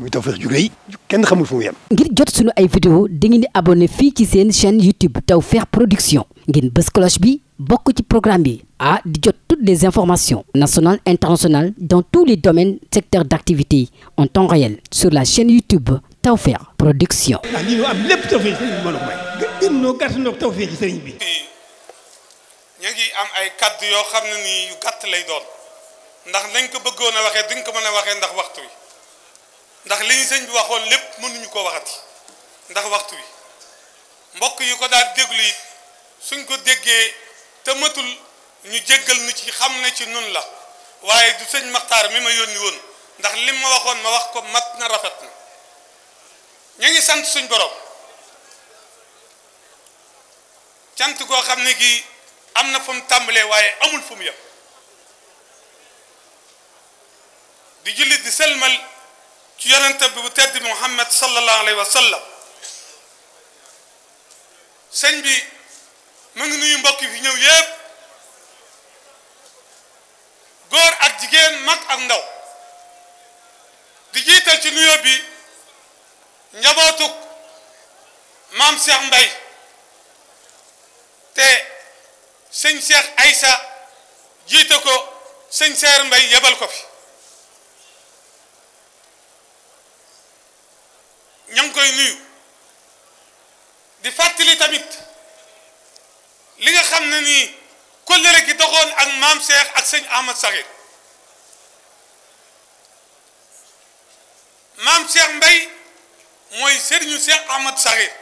muy Tawfekh ju rëy kenn xamul ngir jot sunu ay vidéo dangeen di abonné fii ci seen chaîne YouTube Tawfekh Production ngeen bës cloche bi bokk ci programme bi ah di jot toutes les informations nationales internationales dans tous les domaines secteurs d'activité en temps réel sur la chaîne YouTube Tawfekh Production. ah lii am lépp Tawfekh sëriñ bi eh, ngi am ay kaddu yoo xam ne nii yu gàtt lay doon ndax nañ ko bëggoon a waxee duñ ko mën a waxee ndax waxtu wi. ndax li ñu sëñ bi waxoon lépp mënuñu koo waxati ndax waxtu wi mbokk yi ko daal déglu it suñ ko déggee te matul ñu jéggal nu ci xam ne ci nun la waaye du sëñ Maxtaar mi ma yónni woon ndax li ma waxoon ma wax ko mat na rafet na ñu ngi sant suñ borom cant koo xam ne gi am na fu mu tàmbalee waaye amul fu mu di jullit di selmal ci yonente bi bu tedd Muhammad sallallahu alayhi wa sallam sëñ bi mu ngi nuyu mbokk fi ñëw yépp góor ak jigéen mag ak ndaw di jiital ci nuyoo bi njabootuk maam Cheikh Mbaye te sëñ Cheikh Aïssa jiite ko sëñ Cheikh Mbaye yebal ko fi xam ne nii kóllëre gi doxoon ak maam Cheikh ak sëñ Ahmad Saxir maam Cheikh Mbay mooy sëriñu Cheikh Ahmad Saxir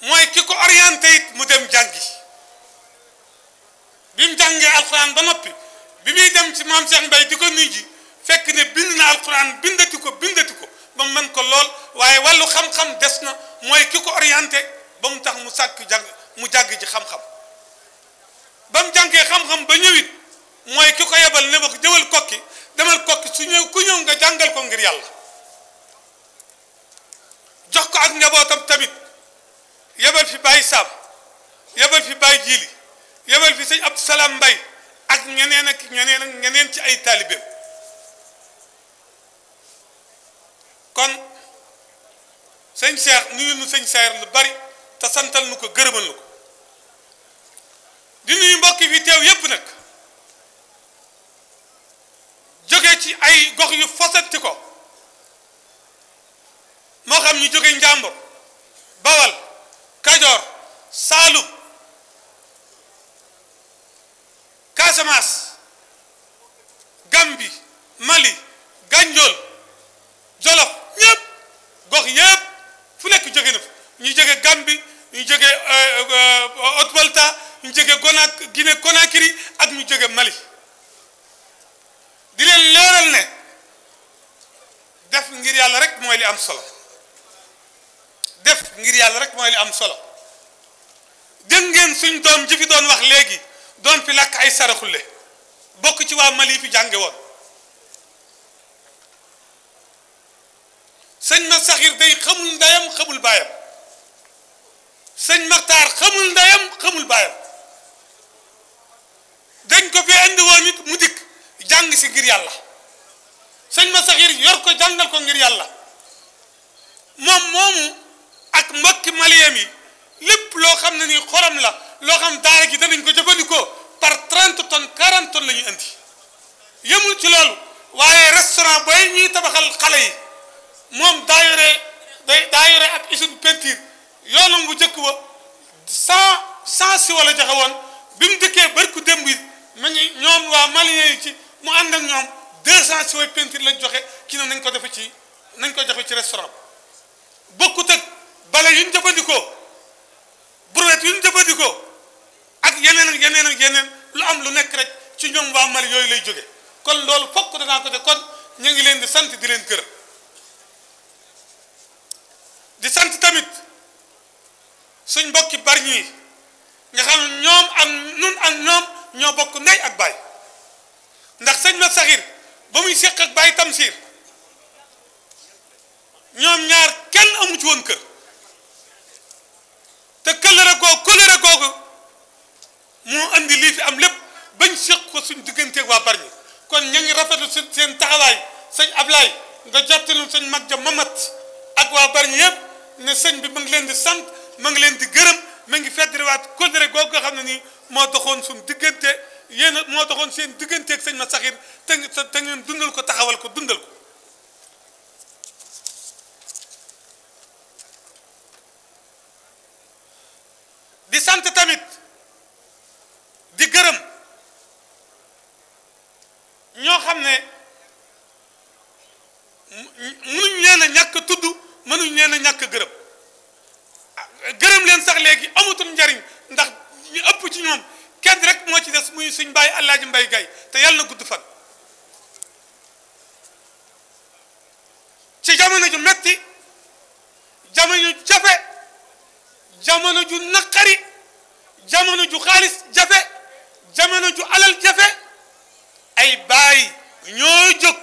mooy ki ko orienté it mu dem jàngi bi mu jàngee alxuraan ba noppi bi muy dem ci maam Cheikh Mbay di ko nuyu fekk ne bind na alxuraan bindati ko bindati ko ba mu mën ko lool waaye wàllu xam-xam des na mooy ki ko orienté ba mu tax mu sàkk jàng mu jàng ji xam-xam ba mu jàngee xam-xam ba ñëwit mooy ki ko yebal ne ma ko jëwal kokki demal kokki su ñëw ku ñëw nga jàngal ko ngir yàlla jox ko ak njabootam tamit yebal fi bàyyi saab yebal fi bàyyi jiili yebal fi sëñ Abdou Salaam Mbay ak ñeneen ak ñeneen ak ñeneen ci ay taalibeem kon sëñ Cheikh nuyul nu sëñ Cheikh lu bari te santal nu ko gërëmal nu ko réew yépp nag jóge ci ay gox yu fosanti ko moo xam ñu jóge njàmbur bawal kajoor saalum Casamance Gambi Mali Ganjool Jolof ñëpp gok yëpp fu nekk jóge na fa ñu jóge Gambi ñu jóge euh, euh, haute ñu jóge Gonak Guinée Conakry ak ñu jóge Mali di leen leeral ne def ngir yàlla rek mooy li am solo def ngir yàlla rek mooy li am solo dégg ngeen suñ doom ji fi doon wax léegi doon fi lakk ay saraxule bokk ci waa Mali fi jànge woon sëñ ma saxir day xamul ndeyam xamul baayam sëñ Maxtaar xamul ndeyam xamul baayam dañ ko fi indi woon mu dikk jàng si ngir yàlla sëñ ma saxir yor ko jàngal ko ngir yàlla moom moomu ak mbokki maliyam yi loo xam ne nii la loo xam daara gi danañ ko jëfandikoo par 30 tonnes 40 tonnes la ñuy indi ci loolu waaye restaurant booy ñuy tabaxal xale yi moom daa yore day daa yore ak usine peinture bu njëkk ba cent si wala joxe woon bi barku démb yi ma ngi ñoom waa malien yi ci mu ànd ak ñoom deux cent si way peinture lañ joxe ci ne nañ ko defe ci nañ ko joxe ci restaurant bokkut ak bale yu ñu jëfandikoo brouette yu ñu jëfandikoo ak yeneen ak yeneen ak yeneen lu am lu nekk rek ci ñoom waa Mali yooyu lay jóge kon loolu fokk danaa ko de kon ñu ngi leen di sant di leen gërëm di sant tamit suñ mbokki bari ñi nga xam ñoom ak ñoom ñoo bokk ndey ak baay ndax sëñ ma saxir ba muy séq ak baay tamsiir ñoom ñaar kenn amu ci woon kër te këllëre googu këllëre googu moo andi lii fi am lépp bañ séq ko suñ digganteeg waa Bargny kon ña ngi rafetlu seen seen taxawaay sëñ Ablaay nga jottali sëñ mag ja ak waa Bargny yëpp ne sëñ bi ma ngi leen di sant ma ngi leen di gërëm ma ngi waat këllëre googu nga xam ne nii moo taxoon su diggante yéen moo taxoon seen digganteeg sëñ ma saxir te te ngeen dundal ko taxawal ko dundal ko di sant tamit di gërëm ñoo xam ne bàyyi Alaaji Mbay Gay te yàlla na gudd fan ci jamono ju metti jamono jafe jamono ju naqari jamono ju xaalis jafe jamono ju alal jafe ay baay ñoo jóg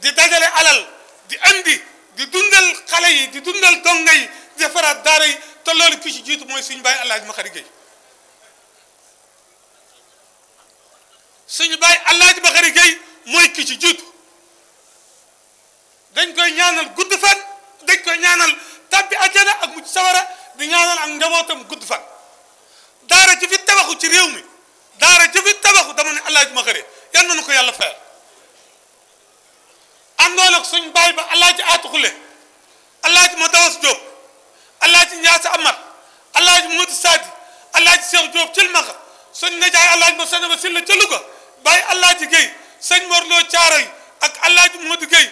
di dajale alal di andi di dundal xale yi di dundal donga yi di defaraat daara yi te ci jiitu mooy suñu baay Alaaji Maxari Gay suñu bàyyi Alaaji Bakari Gueye mooy ki ci jiitu dañ koy ñaanal gudd fan dañ koy ñaanal tabbi ajjana ak mucc sawara di ñaanal ak njabootam gudd fan daara ci fi tabaxu ci réew mi daara ci fi tabaxu dama ne Alaaji Bakari yan nañu ko yàlla fayal àndoon ak suñu bàyyi ba Alaaji Aatu Xule Alaaji Madawas Diop Alaaji Ndiass Amar Alaaji Modou Sadi Alaaji Cheikh Diop Thilmakha suñu najaay Alaaji Moussa Sane ba Sylla ca Louga bàyyi Alaaji Géey sëñ Morloo Caaroy ak Alaaji Modou Géey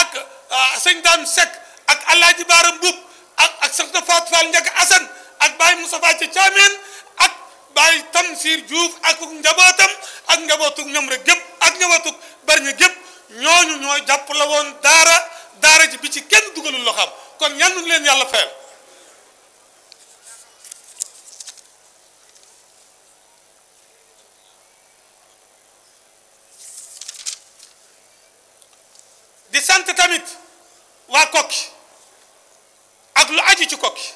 ak ah, sëñ Dame Seck ak Alaaji Baara Mbuub ak ak soxna Fatou Fall Ndiaga Assane ak bàyyi Moustapha ci Caameen ak bàyyi Tamsir Diouf ak njabootam ak njabootug ñoom rek gépp ak njabootug Bargny gépp ñooñu ñoo jàpp daara daara ji bi ci kenn dugalul loxoom kon ñanuñ leen yàlla fayal sant tamit waa kokki ak lu aju ci kokki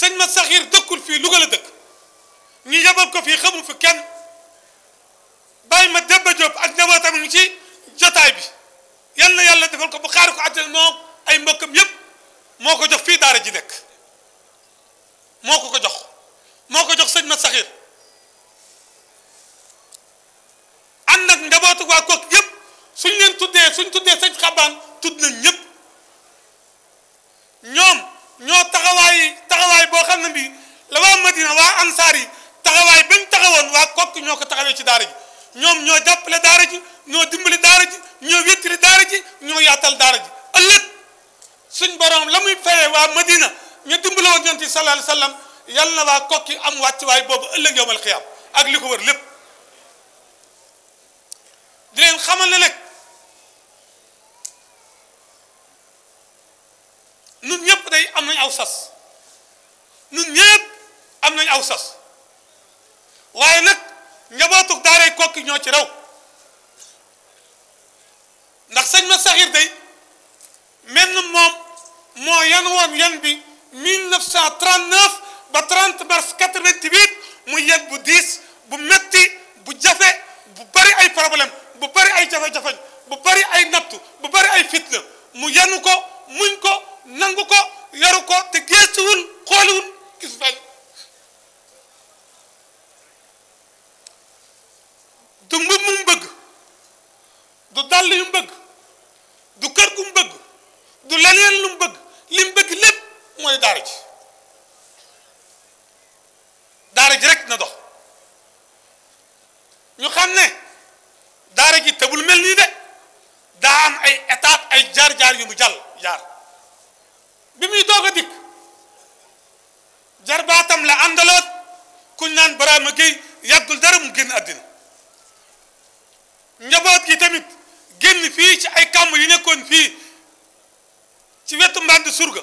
sëñ ma saxiir dëkkul fii Louga la dëkk ñu yebal ko fii xamul fi kenn bàyyi ma Demba Diop ak njabootam ñu ci jotaay bi yal na yàlla defal ko bu xaar ko àjjana moo ay mbokkam yépp moo ko jox fii daara ji nekk moo ko ko jox moo ko jox sëñ ma saxiir ànd ak waa kokki suñ leen tuddee suñ tuddee sëñ xabaan tudd nañ ñëpp ñoom ñoo taxawaay taxawaay boo xam ne bii la waa Madina waa ansaar yi taxawaay bañ taxawoon waa kokk ñoo ko taxawee ci daara ji ñoom ñoo jàppale daara ji ñoo dimbali daara ji ñoo wéttali daara ji ñoo yaatal daara ji ëllëg suñ borom la muy fayee waa Madina ñu dimbali woon yonent bi sallallahu alayhi wa sallam yal na waa kokki am wàccuwaay boobu ëllëg yowmal xiyaam ak li ko wër lépp di leen xamal ne nag nun ñëpp day am nañ aw sas nun ñëpp am nañ aw sas waaye nag njabootug daaray kokki ñoo ci raw ndax sëñ ma saxir men mel na moom moo yan woon yan bi 1939 ba 30 mars 88 mu yet bu diis bu metti bu jafe bu bari ay problème bu bari ay jafe-jafe bu bari ay nattu bu bari ay fitna mu yanu ko muñ ko nangu ko yoru ko te geestuwul xooliwul gis bañ du mbub mu bëgg du dàll yu mu bëgg du kër gu mu bëgg du leneen lu mu bëgg li mu bëgg mooy daara ji daara ji rek na dox ñu xam ne daara ji mel nii de daa am ay étape ay jaar-jaar yu mu jàll jaar bi muy doog a dikk jarbaatam la àndaloon kuñ naan Baraama Géey yàggul dara mu génn àddina njaboot gi tamit génn fii ci ay kàmb yu nekkoon fii ci wetu mbànd surga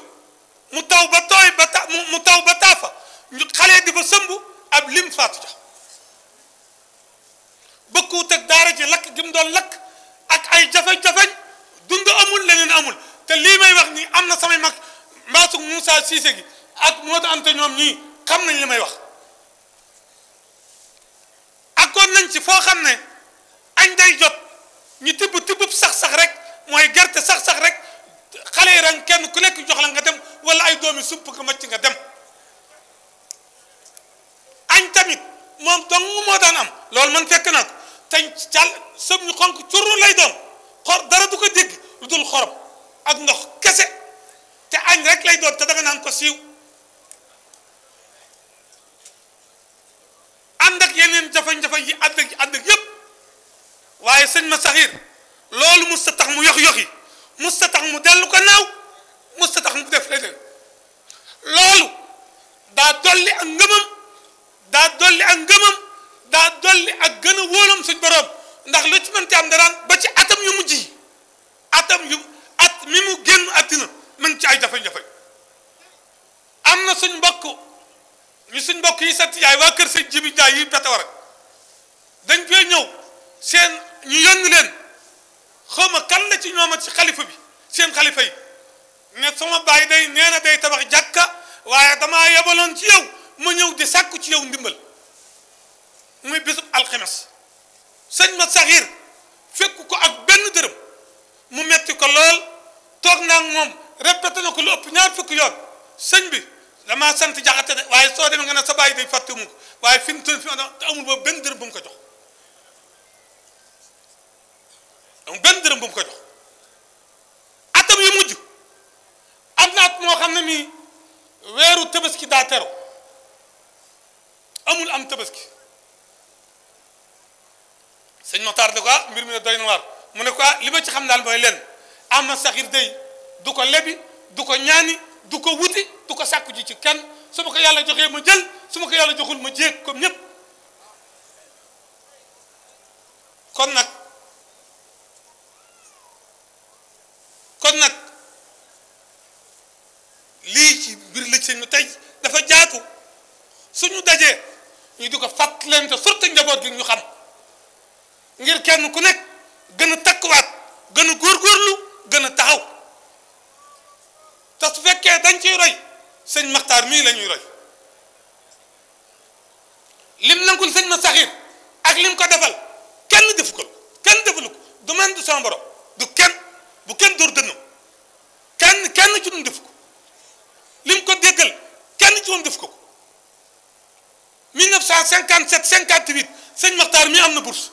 mu taw ba tooy ba ta mu taw ba taafa ñu xale di fa ab lim faatu jox bëkkuwut daara ji lakk gi mu lakk ak ay jafe-jafeñ dund amul leneen amul te lii may wax nii am na samay mag mbaasug Moussa Cissé gi ak moo ta ante ñoom ñii xam nañ li may wax akkoon nañ ci foo xam ne añ day jot ñu tibb tibbub sax-sax rek mooy gerte sax-sax rek xale yi ren kenn ku nekk jox la nga dem wala ay doomi supp ko macc nga dem añ tamit moom dong moo daan am loolu man fekk naa ko teñ cal sëb ñu xonk curru lay doon xor dara du ko dégg lu dul xorom ak ndox kese añ rek lay doon te danga naan ko siiw ànd ak yeneen jafe-jafe yi ànd ak ànd ak yëpp waaye sëñ ma saxiir loolu mus ta tax mu yox yoxi mus ta tax mu dellu ko naaw mus ta tax mu def leneen loolu daa dolli ak ngëmam daa dolli ak ngëmam daa dolli ak gën a wóolam suñ borom ndax lu ci mën ci am daraan ba ci atam yu mujj yi atam yu at mi mu génn àddina mën ci ay jafe-jafe am na suñ mbokk ñu suñ mbokk yi setti jaay waa kër sëñ jibi jaay yi pete war dañ fee ñëw seen ñu yónni leen xawma kan la ci ñooma ci xalifa bi seen xalifa yi sama baay day nee day tabax jàkka waaye damaa yebaloon ci yow ma ñëw di sàkku ci yow ndimbal muy bisub alxemes sëñ ma saxiir fekk ko ak benn dërëm mu metti ko lool toog naa moom répété na ko lu ëpp ñaar fukki yoon sëñ bi damaa sant jaxate de waaye soo demee nga ne sa bàyyi day fàtte mu ko waaye fi mu toll fi te boobu benn dërëm bu ko jox benn dërëm bu mu ko jox atam yu mujj am na at moo xam ne nii weeru tabaski daa tero amul am tabaski sëñ Moxtaar de quoi ah, mbir mi ne doy na waar mu ne ku ah, li ma ci xam daal mooy leen am na saxir dey du ko lebi du ko ñaani du ko wuti du ko sàkku ji ci kenn su ma ko yàlla joxee ma jël su ma ko yàlla joxul ma jéeg kom ñëpp kon nag kon nag lii ci mbir la ci seen tey dafa jaatu suñu dajee ñu di ko fàttalante surtout njaboot gi ñu xam ngir kenn ku nekk gën a takkuwaat gën a góorgóorlu gën a taxaw te su fekkee tañ ci roy sëñ maxtaar mii la ñuy roy lim nangul sëñ ma saxiir ak lim ko defal kenn defu ko kenn defalu ko du man du sama borom du kenn bu kenn dóor dënnam kenn kenn ci ñun def ko lim ko déggal kenn ci ñun def ko 1957 58 sëñ maxtaar mii am na bourse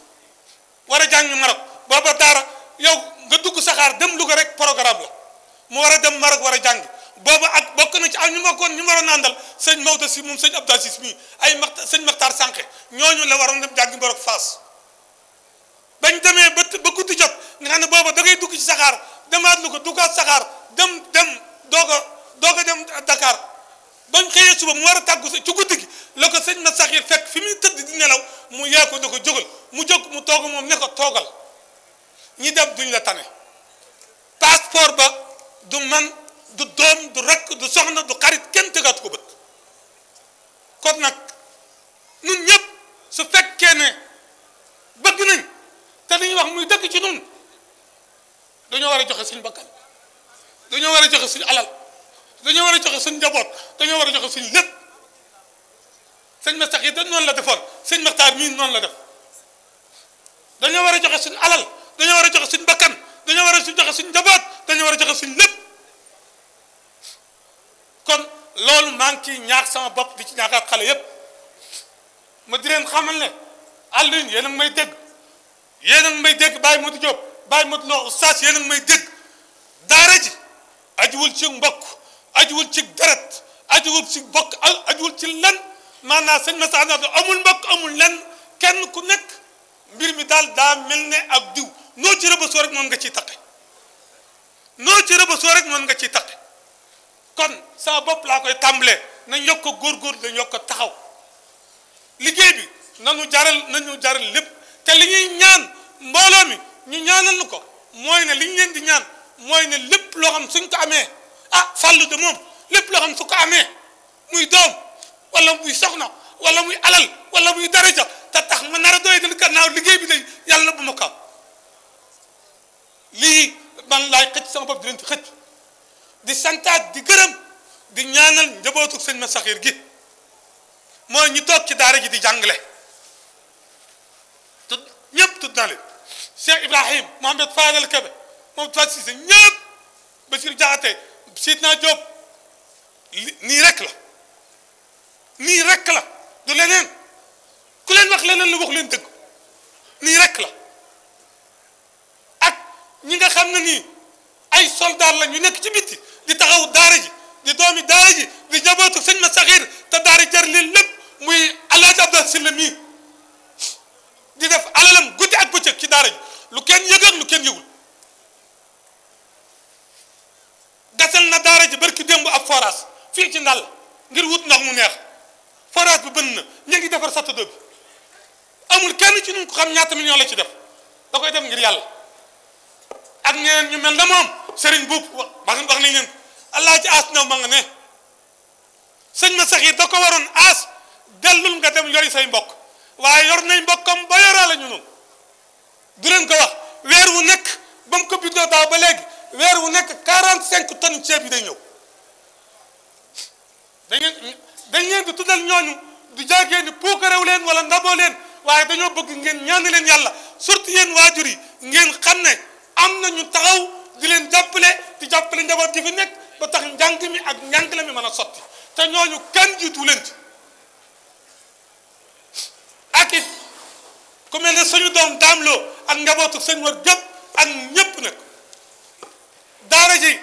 war a jàngi Maroc booba daara yow nga dugg saxaar dem Louga rek programme la mu war dem Maroc war a jàng boobu ak bokk na ci am ñu bokkoon ñu waroon àndal sëñ Maodo si moom sëñ Abdou Aziz mi ay maxta sëñ Maxtaar Sànqe ñooñu la waroon dem jàngi Maroc fas bañ demee ba ba guddi jot nga ne booba da ngay dugg ci saxaar demaat lu ko duggaat saxaar dem dem doog a doog a dem Dakar bañ xëyee suba mu war a tàggu ci guddi gi la sëñ ma saxir fekk fi muy tëdd di nelaw mu yee ko da ko jógal mu jóg mu toog moom ne ko toogal ñi dem duñ la tane passeport du man du doom du rakk du soxna du karit kenn tëgaat ko bët kon nag nun ñëpp su fekkee ne bëgg nañ te dañuy wax muy dëkk ci nun dañoo war a joxe suñ bakkan dañoo war a joxe suñ alal dañoo war a joxe suñ njaboot dañoo war a joxe suñ lépp sëñ ma sax yi dañ noonu la defoon sëñ maxtaar mii noonu la def dañoo war a joxe suñ alal dañoo war a joxe suñ bakkan dañoo war a joxe suñ njaboot dañu war a joxe suñ lépp kon loolu maa ngi ciy ñaax sama bopp di ci ñaax ak xale yépp ma di leen xamal ne Alioune yéen a may dégg yéen a may dégg Baye Modou Diop Baye Modou Lo Oustaz yéen a may dégg daara ji ajuwul ci mbokk ajuwul ci deret ajuwul ci bokk ajuwul ci lenn maanaam sëñ Massa na amul mbokk amul lenn kenn ku nekk mbir mi daal daa mel ne ak diw noo ci rëbësoo rek noon nga ciy taqe noo ci rëbësoo rek mën nga ci taqe kon saa bopp laa koy tàmbalee nañ yokk ko góorgóor dañ yokk ko taxaw liggéey bi nanu jaral nañu jaral lépp te li ñuy ñaan mbooloo mi ñu ñaanal nu ko mooy ne li ñu leen di ñaan mooy ne lépp loo xam suñ ko amee ah fàllu de moom lépp loo xam su ko amee muy doom wala muy soxna wala muy alal wala muy daraja te tax ma nar a doy gën gannaaw liggéey bi day yàlla bu ma kaw lii man laay xëcc sama bopp di leen di santaat di gërëm di ñaanal njabootu sëñ ma saxiir gi mooy ñu toog ci daara ji di jàngale tud ñëpp tudd naa leen Cheikh Ibrahim Mohamed Fadel Kebe Mohamed Fadel Cissé ñëpp Bachir Diakhaté Sidna Diop nii rek la nii rek la du leneen ku leen wax leneen la wax leen dëgg nii rek la xam na ay soldaar la ñu nekk ci bitti di taxaw daara ji di doomi daara ji di njabootu sëñ ma saxiir te daara jar leen lépp muy alaaji abdal silla mii di def alalam guddi ak bëccëg ci daara lu kenn yëg ak lu kenn yëgul gasal na daara ji barki démb ab forage fii ci ndàll ngir wut nag mu neex forage bu bënn na ñu ngi defar satado bi amul kenn ci nun ko xam ñaata million la ci def da koy def ngir yàlla ak ñeneen ñu mel na moom sëriñ buub wax wax nañ leen allah aas naw ma ne sëñ ma sax yi da ko waroon aas dellul nga yor yori say mbokk waaye yor nañ mbokkam ba yoraa la ñu noonu du leen ko wax weer wu nekk ba mu ko bindoo daaw ba léegi weer wu nekk quarante cinq tonnes ceeb yi day ñëw dañ leen dañ leen di tuddal ñooñu du jaagee ni leen wala ndaboo leen waaye dañoo bëgg ngeen ñaan leen yàlla surtout yéen waajur yi ngeen xam ne am na ñu taxaw di leen jàppale di jàppale njaboot gi fi nekk ba tax njàng mi ak njàng la mi mën a sotti te ñooñu kenn jiitu leen ci ak it ku mel ne suñu doom daamloo ak njabootu sëñ war gépp ak ñëpp nag daara ji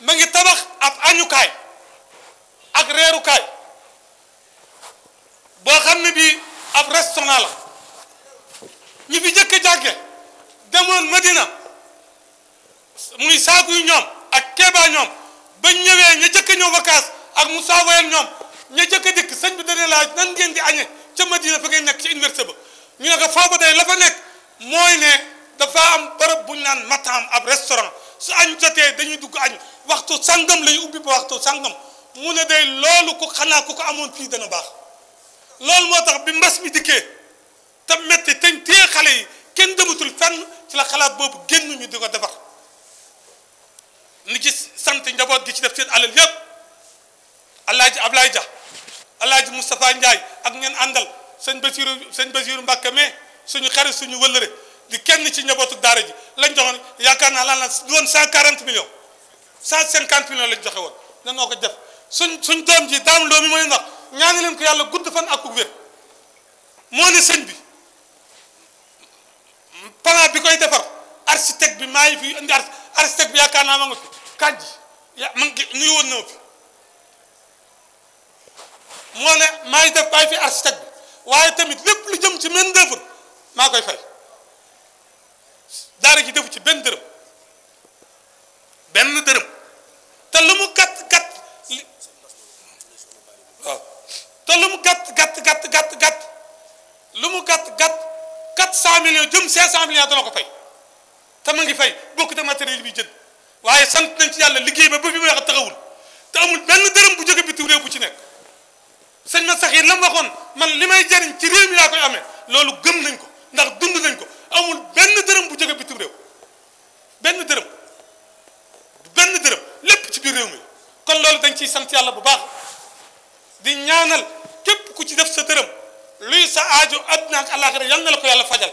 ma ngi tabax ab añukaay ak reerukaay boo xam ne bi ab restaurant la ñu fi jëkk jàgge demoon Madina mu muy yi ñoom ak keebaa ñoom ba ñëwee ña jëkk ñëw vacance ak mu saawoyal ñoom ñe jëkk dikk sëñ bi dana laaj nan ngeen di añe ca Madina fa ngeen nekk ci université ba ñu ne ko foofu la fa nekk mooy ne dafa am barab bu ñu naan mataam ab restaurant su añ jotee dañuy dugg añ waxtu sangam lay ubbi ba waxtu mu ne day loolu ko xanaa ku ko amoon fii dana baax loolu moo tax bi mbas mi dikkee te metti teñ xale yi kenn dematul fenn ci la xalaat boobu génn ñu di ko defar ni ci sant njaboot gi ci def seen alal yëpp alaaji Ablaye Dia alaaji Moustapha Ndiaye ak ngeen àndal sëñ Basiru sëñ Basiru Mbàkke mais suñu xarit suñu wëllëre di kenn ci njabootu daara ji lañ joxoon yaakaar naa lan la doon cent quarante millions cent cinquante millions lañ joxe woon nan ko def suñ suñ doom ji daam loo mi mooy ndax ñaani leen ko yàlla gudd fan ak wér bi plan bi koy defar architecte bi maa ngi fi indi architecte architecte bi yaakaar naa ma ya ma ngi nuyu woon na fi maa ngi def bàyyi fi architecte bi waaye tamit lépp lu jëm ci main d'œuvre maa koy fay daara ji defu ci benn dërëm benn dërëm te lu lumu gàtt gàtt waaw te lu mu gàtt gàtt gàtt gàtt gàtt lu mu gàtt gàtt quatre cent millions jëm cinq cent millions dana ko fay te ma ngi fay bokk te matériel bi jënd waaye sant nañ ci yàlla liggéey ba ba fi may wax taxawul te amul benn dërëm bu jóge bitim réew bu ci nekk sëñ ma sax yi la mu man li may jariñ ci réew mi laa koy amee loolu gëm nañ ko ndax dund nañ ko amul benn dërëm bu jóge bitim réew benn dërëm benn dërëm lépp ci biir réew mi kon loolu dañ ciy sant yàlla bu baax di ñaanal képp ku ci def sa dërëm luy sa aajo àdduna ak àllaaxira yal na la ko yàlla fajal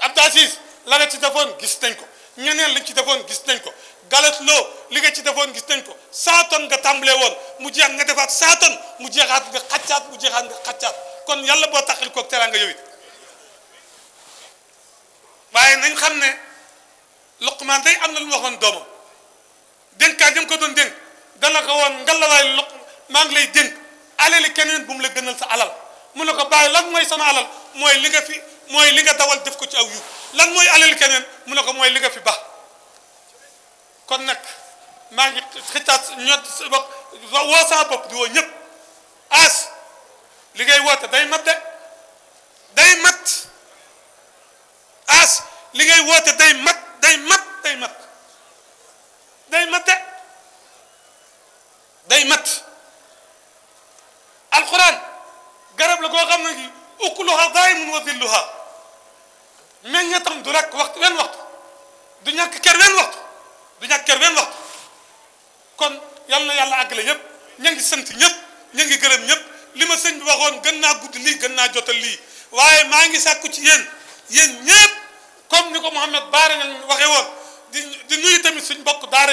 Abdou Aziz la nga ci defoon gis nañ ko ñeneen lañ ci defoon gis nañ ko galet loo li nga ci defoon gis nañ ko cent tonnes nga tàmbalee woon mu jeex nga defaat cent mu jeexaat nga xaccaat mu jeexaat nga xaccaat kon yàlla boo taxil koog teraanga yow it waaye nañ xam ne Luqmaan day am na lu mu waxoon doomam dénkaat jëm ko doon dénk dana ko woon ngallalaay luq maa ngi lay dénk alali keneen bu mu la gënal sa alal mu ne ko bàyyi lan mooy sama alal fi mooy li nga dawal def ko ci aw yu lan mooy alal keneen mu ne ko mooy li nga fi baax kon nag maa ngi xëccaat ñot sa bopp woo saa bopp di woo ñëpp as li ngay woote day mat de day mat as li ngay woote day mat day mat day mat day mat de day mat alxuraan garab la koo xam ne gi ukluha daa'imun wa zilluha meññatam du lekk waxtu wenn waxtu du ñàkk ker wenn waxtu du ñàkk ker wenn waxtu kon yal na yàlla àggale ñëpp ña ngi sant ñëpp ña ngi gërëm ñëpp li ma sëñ bi waxoon gën naa gudd li gën naa jotal lii waaye maa ngi sàkku ci yéen yéen ñëpp comme ni ko Mouhamed baare nañ waxee woon di di nuyu tamit suñ mbokk daara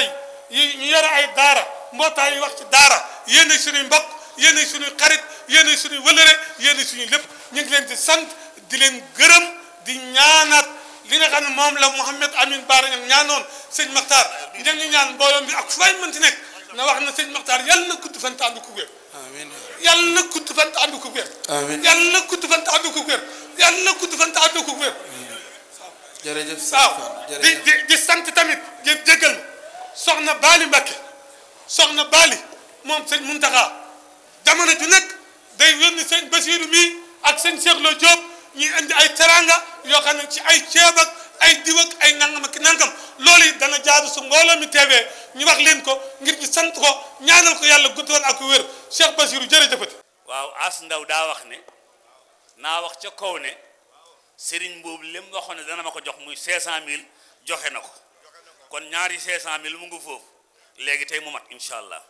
yi ñu yore ay daara mbootaay yi wax ci daara yéenay suñuy mbokk yéenay suñuy xarit yéenay suñuy wëlëre yéenay suñuy lépp ñu ngi leen di sant di leen di ñaanaat li nga xam ne moom la Mouhamed Amine Baara ñoom ñaanoon sëñ Makhtar ña ngi ñaan mbooloom bi ak fu waay mënti nekk na wax na sëñ Makhtar yàlla na gudd fan te ànd ko wér. amiin yàlla na gudd fan te ànd ko wér. amiin yàlla na gudd fan te ànd ko wér yàlla na gudd fan te ànd ko wér. jërëjëf waaw di di di sant tamit ngeen jégal ma soxna Baali Mbakke soxna Baali moom sëñ Muntaxa jamono ju nekk day yónni sëñ Basiiru mi ak sëñ Seexloo Jóob ñuy indi ay teranga yoo xam ne ci ay ceebak ay diw ay nangamak nangam loolu it dana jaadu su mbooloo mi teewee ñu wax leen ko ngir ñu sant ko ñaanal ko yàlla gudd fan ak wér Cheikh Bassirou jërëjëfati waaw as ndaw daa wax ne naa wax ca kaw ne sëriñ boobu li mu waxoon ne dana ma ko jox muy 500000 joxe na ko kon ñaari 500000 mu ngi foofu léegi tey mu mat incha allah.